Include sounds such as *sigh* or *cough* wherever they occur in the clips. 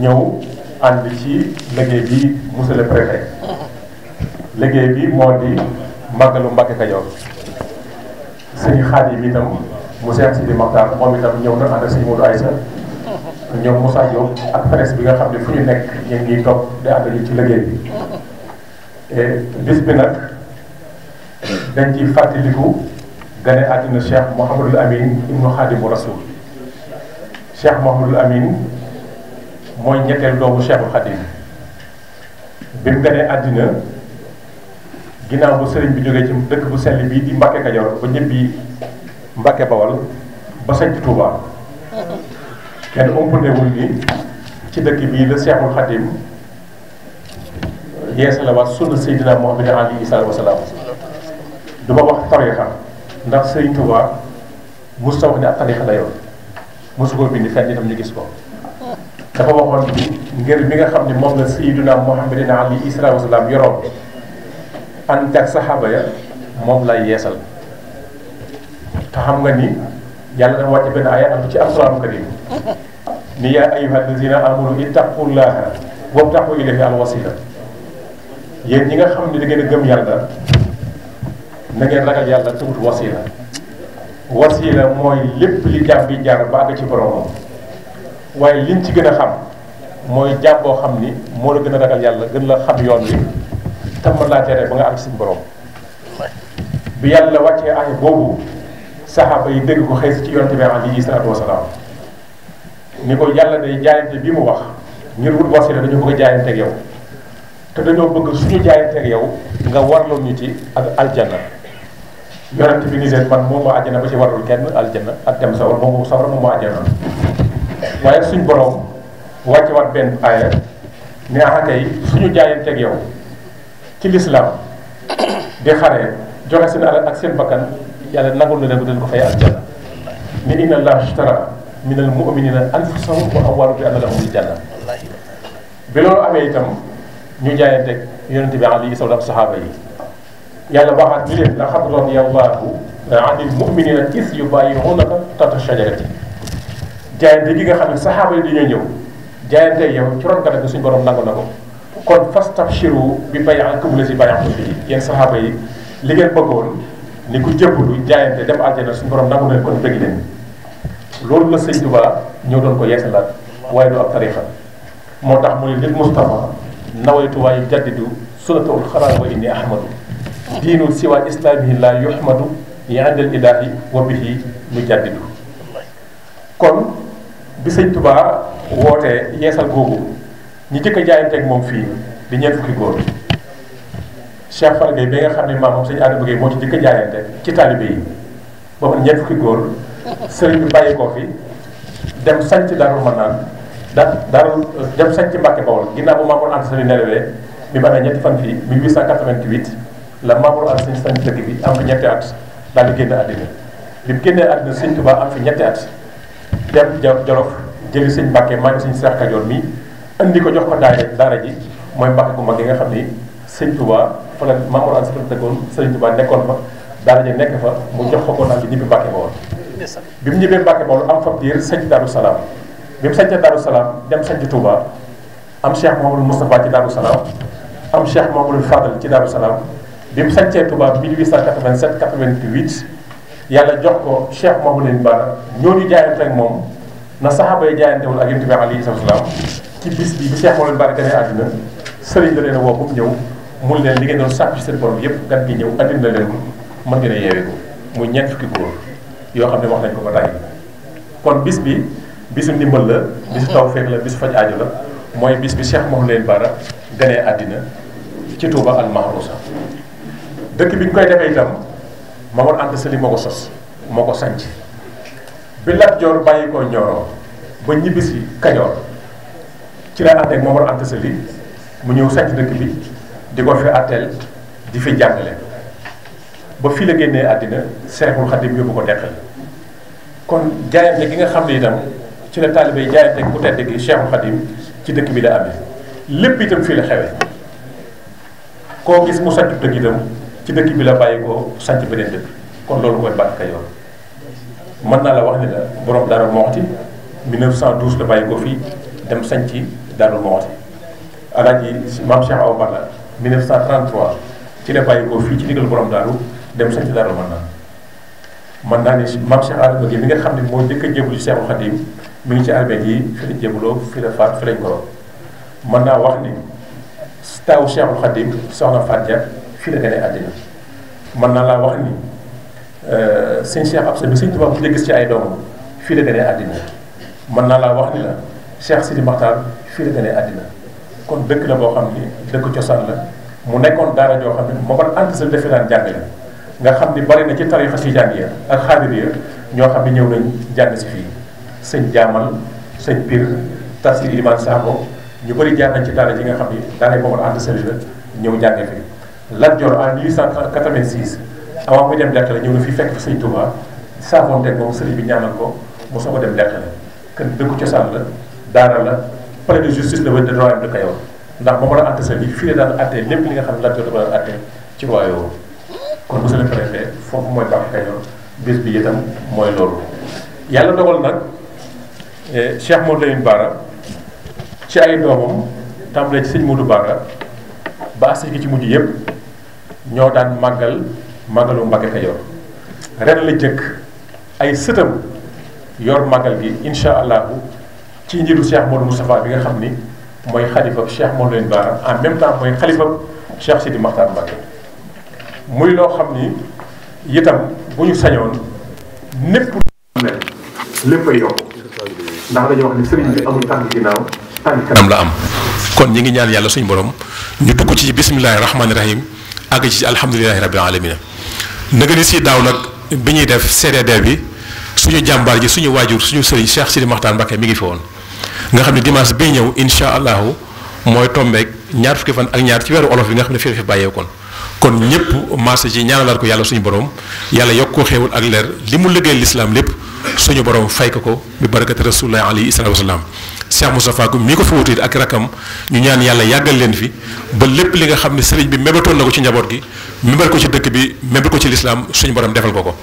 ñëw ànd ci liggéey bi monsieur le préfet liggéey bi moo di màggalu Mbàkke Kajoor sëñ yi itam mu Seex Sidi Maxtaar moom itam ñëw na ànd ak sëñ Modou Aïssa ñoom Moussa Diop ak presse bi nga xam ne fu ñu nekk ñu ngi topp di ànd ñu ci liggéey bi bis bi nag dañ ci fàttaliku gane àddina Cheikh Mouhamadul Amin ibnu Xaadimu Rasul Cheikh Mouhamadul Amin mooy ñetteel doomu Cheikhul Khadim bi mu gënee àddina ginnaaw bu sëriñ bi jógee ci dëkk bu sell bii di Mbacke Kajoor ba ñëbbi Mbacke Bawal ba sañc Touba kenn ëmpandewul ni ci dëkk bii la Cheikhul Khadim yeesalawaat sunna Seydina Muhammad alayhi salaatu wa salaam du ma wax tarixa ndax sëriñ Touba mosut a wax ne ab tarixa la yoon mosu koo bind fenn itam ñu gis ko. dafa waxoon ngir bi nga xam ne moom la sayyiduna muhammadin alayhi isalaatu wasalaam yoroon ànd ak saxaaba ya moom lay yeesal te xam nga ni yàlla dafa wàcc benn aaya am ci alquraan karim ni yaa ayyuha allazina amanu ittaqullaha wabtaqu ilayhi alwasila yéen ñi nga xam ni da ngeen a gëm yàlla na ngeen yàlla te wasila wasila mooy lépp li jàmm bi jaar ba àgg ci boromam waaye liñ ci gën a xam mooy jàpp xam ni moo la gën a ragal yàlla gën la xam yoon wi tam mën laa tere ba nga am suñu borom bi yàlla wàccee ay boobu saxaaba yi dégg ko xëy ci yonte bi alayhi salaatu wasalaam ni ko yàlla day jaayante bi mu wax ngir wut wasila dañu bëgg a jaayanteeg yow te dañoo bëgg suñu jaayanteeg yow nga warloo ñu ci ak aljanna yonent bi ni leen man moom moo àjjana ba ci warul kenn aljanna ak dem sawar moom sawar moom moo waaye suñ borom wàcce waat benn aaya ne axaka yi suñu jaayanteeg yow ci lislaam di xare joxe seen alal ak seen bakkan yàlla nangul na leen dañ ko fay aljanna ne inna allaha ishtara minal mu'minina anfusahum wa amwaalahum bi anna lahumul janna bi loolu amee itam ñu jaayanteeg yonente bi alayhi salaam saxaaba yi yàlla waxaat bi leen laqad radiyallahu anil mu'minina iz yubayi'unaka tahta shajarati jaayante yi nga xam ne saxaaba yi dañoo ñëw jaayante ak yow ci ron nga def suñu borom nangu na ko kon fastabshiru bi bay'ikum lazi bay'atum bihi yéen saxaaba yi li ngeen bëggoon ni ku jébbalu jaayante dem àjjana suñu borom nangu leen kon bëgg leen loolu la sëñ Tuba ñëw doon ko yeesalaat waaye du ab tariixa moo tax mu ne lil Mustafa nawaytu waaye jaddidu sunnatul xalaat wa inni ahmadu diinu siwa islamihi la yuhmadu yi indal ilaahi wa bihi nu lu kon bi sëñ Touba wootee yeesal googu ñu jëkk a jaayanteeg moom fii di ñeent fukki góor Cheikh bi nga xam ne maamam sëñ Adama Gueye moo ci jëkk ci taalibe yi ba man ñeent fukki góor sëriñ bi bàyyi ko fi dem sanc da Darou dem sanc ba Mamour Anta Sali nelawee bi ba amee ñetti fan fii 1888 la Mamour Anta Sali sanc dëkk bi am fi ñetti at daal di génn àddina bi mu génnee àddina sëñ Touba am fi ñetti at. dem ja Jolof jëli sëñ Mbàkke maa ngi suñu Seex Kajoor mi indi ko jox ko daara dara ji mooy Mbàkke gu mag nga xam ni sëñ Tuubaa fa la Maam Mor Anta Saali dëkkoon sëñ Tuubaa nekkoon fa daara ji nekk fa mu jox ko ko naan bi ñibbi Mbàkke Bawol bi mu ñibbee Mbàkke Bawol am fa diir sanc Daaru Salaam bi mu sanc Daaru Salaam dem sanc Tuubaa am Cheikh Mamadou Moustapha ci Daaru Salaam am Cheikh Mamadou Fadal ci Daaru Salaam bi mu sancee Tuubaa 1887 88 yàlla jox ko cheikh moomu leen baara ñooñu jaayante ak moom na saxaaba yi jaayante woon ak yonent bi alayhi salaam ci bis bi bi cheikh moomu leen baara gane àdduna sëriñ leen woo ba mu leen li ngeen doon sàkk ci seen yëpp gan gi ñëw andil na mën ngeen a yeewee ko muy yoo xam ne wax nañ ko ba kon bis bi bisu ndimbal la bisu tawfeex la bisu faj aajo la mooy bis bi cheikh moom leen baara ganee àddina ci Touba al Mahrousa dëkk bi ñu koy defee itam Mamor Anta moo ko sos moo ko sanc bi Lat bàyyi ko Ñoro ba ñibbisi Kajoor ci la ànd ak Mamor Anta mu ñëw sanc dëkk bi di ko fi àtteel di fi jàngale ba fii la génnee àddina Seexul Xadim yóbbu ko deqal kon jaayante gi nga xam ne itam ci la taalibe jaayante ku tedd gi Seexul Xadim ci dëkk bi la amee lépp itam fii la xewee koo gis mu sanc dëkk itam ci dëkk bi la bàyyi ko sànc beneen dëkk kon loolu mooy Mbacke Kajoor mën naa la wax ne la borom Darou Mouhty 1912 la bàyyi ko fii dem sànc Darou Mouhty alaaji maam Cheikh Awa ci la bàyyi ko fii dem sànc Darou Manaan man naa ne maam Cheikh Adama Gueye mi nga xam ne moo njëkk a jébbalu Cheikhul Khadim mi ngi ci armée yi fi la jébbaloo fi la faat fi lañ ko mën naa wax ni taawu Cheikhul Khadim soxna Fatia. fii la gane àddina mën naa laa wax ni euh, sëñ Cheikh Absa bi sëñ Tuubaa mujj gis ci ay doomam fii la gane àddina mën naa laa wax ni la Cheikh Sidi Maxtaar fii la gane àddina kon dëkk la boo xam ni dëkk cosaan la mu nekkoon daara joo xam ne moo ko ànd sa defe daan nga xam ni bari na ci tarixa tijaaniya ak xaadiriya ñoo xam ne ñëw nañ jàng si fii sëñ jaamal sëñ Pir Tafsir Iliman Sakho ñu bëri jaar nañ ci daara ji nga xam ni daanaka boobu ànd seen la ñëw Lat Dior en 1886 avant muy dem Derklé ñëw na fi fekk fi sëñ Touba saafoonteeg moom sëriñ bi ñaanal ko mu soog a dem Derklé kër dëkku cosaan la daara la palais de justice la wér de royaume de Kayor ndax ba mu la àtte sa lii fii la daan àttee lépp li nga xam ne dafa daan àttee ci royaume kon monsieur le préfet foofu mooy Mbacke Kayor bés bi itam mooy loolu. yàlla dogal nag eh, Cheikh Modou Lamine Bara ci ay doomam tàmbalee ci sëñ Modou Bara ba askan ci mujj yëpp. ñoo daan màggal màggalu Mbàkke Kajoor ren la jëkk ay sëtam yor màggal gi incha allahu ci njiitu Cheikh Modou Moustapha bi nga xam ni mooy xalifab Cheikh Modou Lamine Bara en même temps mooy xalifab Cheikh Sidi Makhtar Mbacke muy loo xam ni itam bu ñu sañoon népp lépp a yokk ndax dañoo wax ni la am kon ñi ngi ñaan yàlla suñu borom ñu dugg ci bismillahi rahmaani rahim àgg ci alhamdulilahi rabbil alamina nag ni si daaw nag bi ñuy def CDD bi suñu jàmbaar ji suñu waajur suñu sëriñ Cheikh Sidi Maxtaar Mbacké mi ngi fi nga xam ne dimanche bi ñëw incha allahu mooy tombeek ñaar fukki fan ak ñaar ci weeru olof bi nga xam ne fii fi bàyyeekoon kon ñëpp marché ji ñaanalaat ko yàlla suñu borom yàlla yokk ko xéewal ak leer li mu liggéey lislaam lépp suñu borom fay ko ko bi barakati rasulillahi alayhi salaatu Cheikh Moustapha Goume mii ko fi wutuit ak rakam ñu ñaan yàlla yàggal leen fi ba lépp li nga xam ne sëriñ bi mébatoon na ko ci njaboot gi mébal ko ci dëkk bi mébal ko ci lislaam suñu borom defal ko ko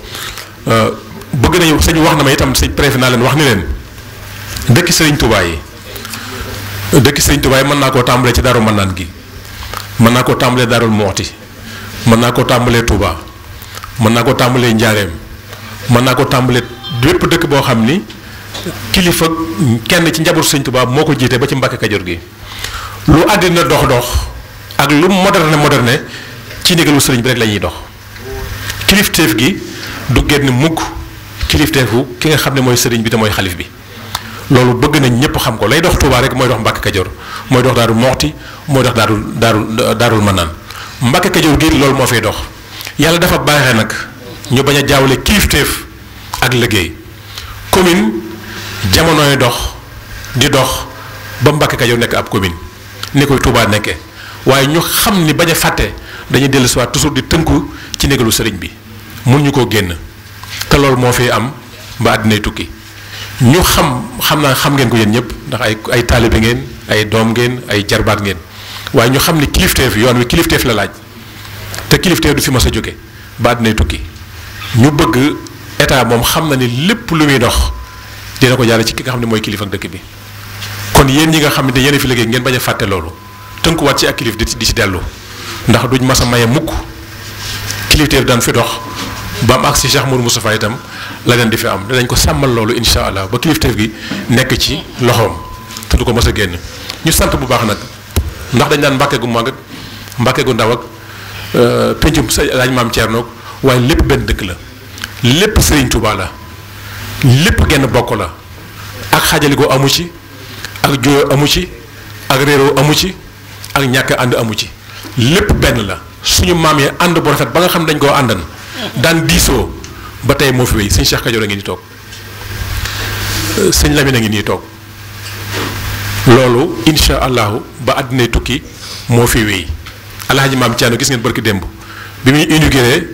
euh, bëgg nañu sëñ wax na ma itam sëñ préfet naa leen wax ni leen dëkki sëriñ Touba yi dëkk sëriñ Touba mën naa koo tàmbalee ci daaru Manaan gi mën naa koo tàmbalee daarul Moxti mën naa koo tàmbalee Touba mën naa ko tàmbalee Njaareem mën naa ko tàmbale dëkk boo xam ni kilifa kenn ci njabootu sëñ tubaab moo ko jiitee ba ci Mbàkke Kajoor gi lu àddina dox dox ak lu moderne moderne ci ndigalu sëriñ bi rek la ñuy dox kilifteef gi du génn mukk kilifteefu ki nga xam ne mooy sëriñ bi te mooy xalif bi loolu bëgg nañ ñëpp xam ko lay dox Touba rek mooy dox Mbàkke Kajoor mooy dox Daaru Moxti mooy dox Daaru Daaru Daarul Manaan Mbàkke Kajoor gi loolu moo fay dox yàlla dafa baaxe nag ñu bañ a jaawale kilifteef ak liggéey jamonoy dox di dox ba Mbacke Kajoor nekk ab commune ni koy Touba nekkee waaye ñu xam ni bañ a fàtte dañuy dellusiwaat toujours di tënku ci négalu sëriñ bi mun ñu koo génn te loolu moo fi am ba àddinay tukki ñu xam xam naa xam ngeen ko yéen ñëpp ndax ay ay taalibe ngeen ay doom ngeen ay jarbaat ngeen waaye ñu xam ni kilifteef yoon wi kilifteef la laaj te kilifteef du fi mas a jóge ba àddinay tukki ñu bëgg état moom xam na ni lépp lu muy dox dina ko jaare ci ki nga xam ne mooy kilifa ak dëkk bi kon yéen yi nga xam ne yéen fi liggéey ngeen bañ a fàtte loolu tënkuwaat ci ak kilif di di ci dellu ndax duñ mas a maye mukk kilifteef daan fi dox bam am ak si Cheikh Mourou Moustapha itam la leen di fi am danañ ko sàmmal loolu incha allah ba kilifteef gi nekk ci loxoom te du ko mas a génn ñu sant bu baax nag ndax dañ daan mbàkke gu mag ak gu ndaw ak euh, pencum sa laaj maam Thierno waaye lépp benn dëkk la lépp Serigne Touba lépp genn bokk la ak ko amu ci ak jooyoo amu ci ak réeroo amu ci ak ñàkk ànd amu ci lépp benn la suñu maam yi ànd bu rafet ba nga xam dañ koo àndan daan diisoo ba tey moo fi wéy sëñ Cheikh Kajoor a ngi nii toog euh, sëñ Lamine a ngi nii toog loolu insha allahu ba àddina tukki moo fi wéy alhaji maam Thierno gis ngeen barki démb bi muy inauguré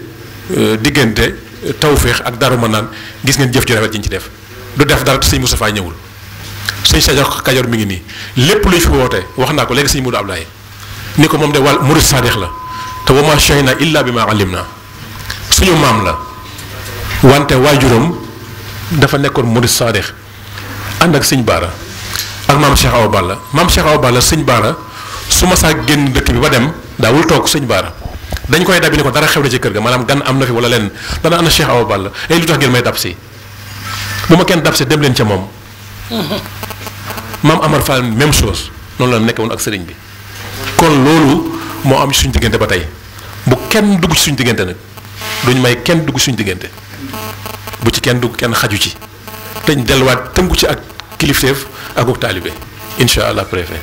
euh, diggante tawféex ak daru ma naan gis ngeen jëf ju rafet ji ci def du def dara te sëñ Moustapha ñëwul sëñ Sadio Kajoor bi ngi nii lépp luy fi woote wax naa ko léegi sëñ Modou laay ni ko moom de wàll murid saadix la te wama shayna illa bi ma alim na suñu maam la wante waajuram dafa nekkoon murid ànd ak sëñ Baara ak maam Cheikh Awa Balla maam Cheikh Awa sëñ Baara su ma saa génn dëkk bi ba dem daawul toog sëñ Baara. dañ koy dabi ni ko dara xew na ci kër gi maanaam gan am na fi wala lenn dana ana Cheikh Awa Balla ay eh, lu tax ngeen may dab si bu ma kenn dab si dem leen ca moom. *laughs* maam Amar Fall même chose noonu la nekk woon ak sëriñ bi. kon loolu moo am ci suñu diggante ba tey bu kenn dugg ci suñu diggante nag duñ may kenn dugg suñu diggante bu ci kenn dugg kenn xaju ci te ñu delluwaat tënku ci ak kilifteef ak taalibe incha allah préfet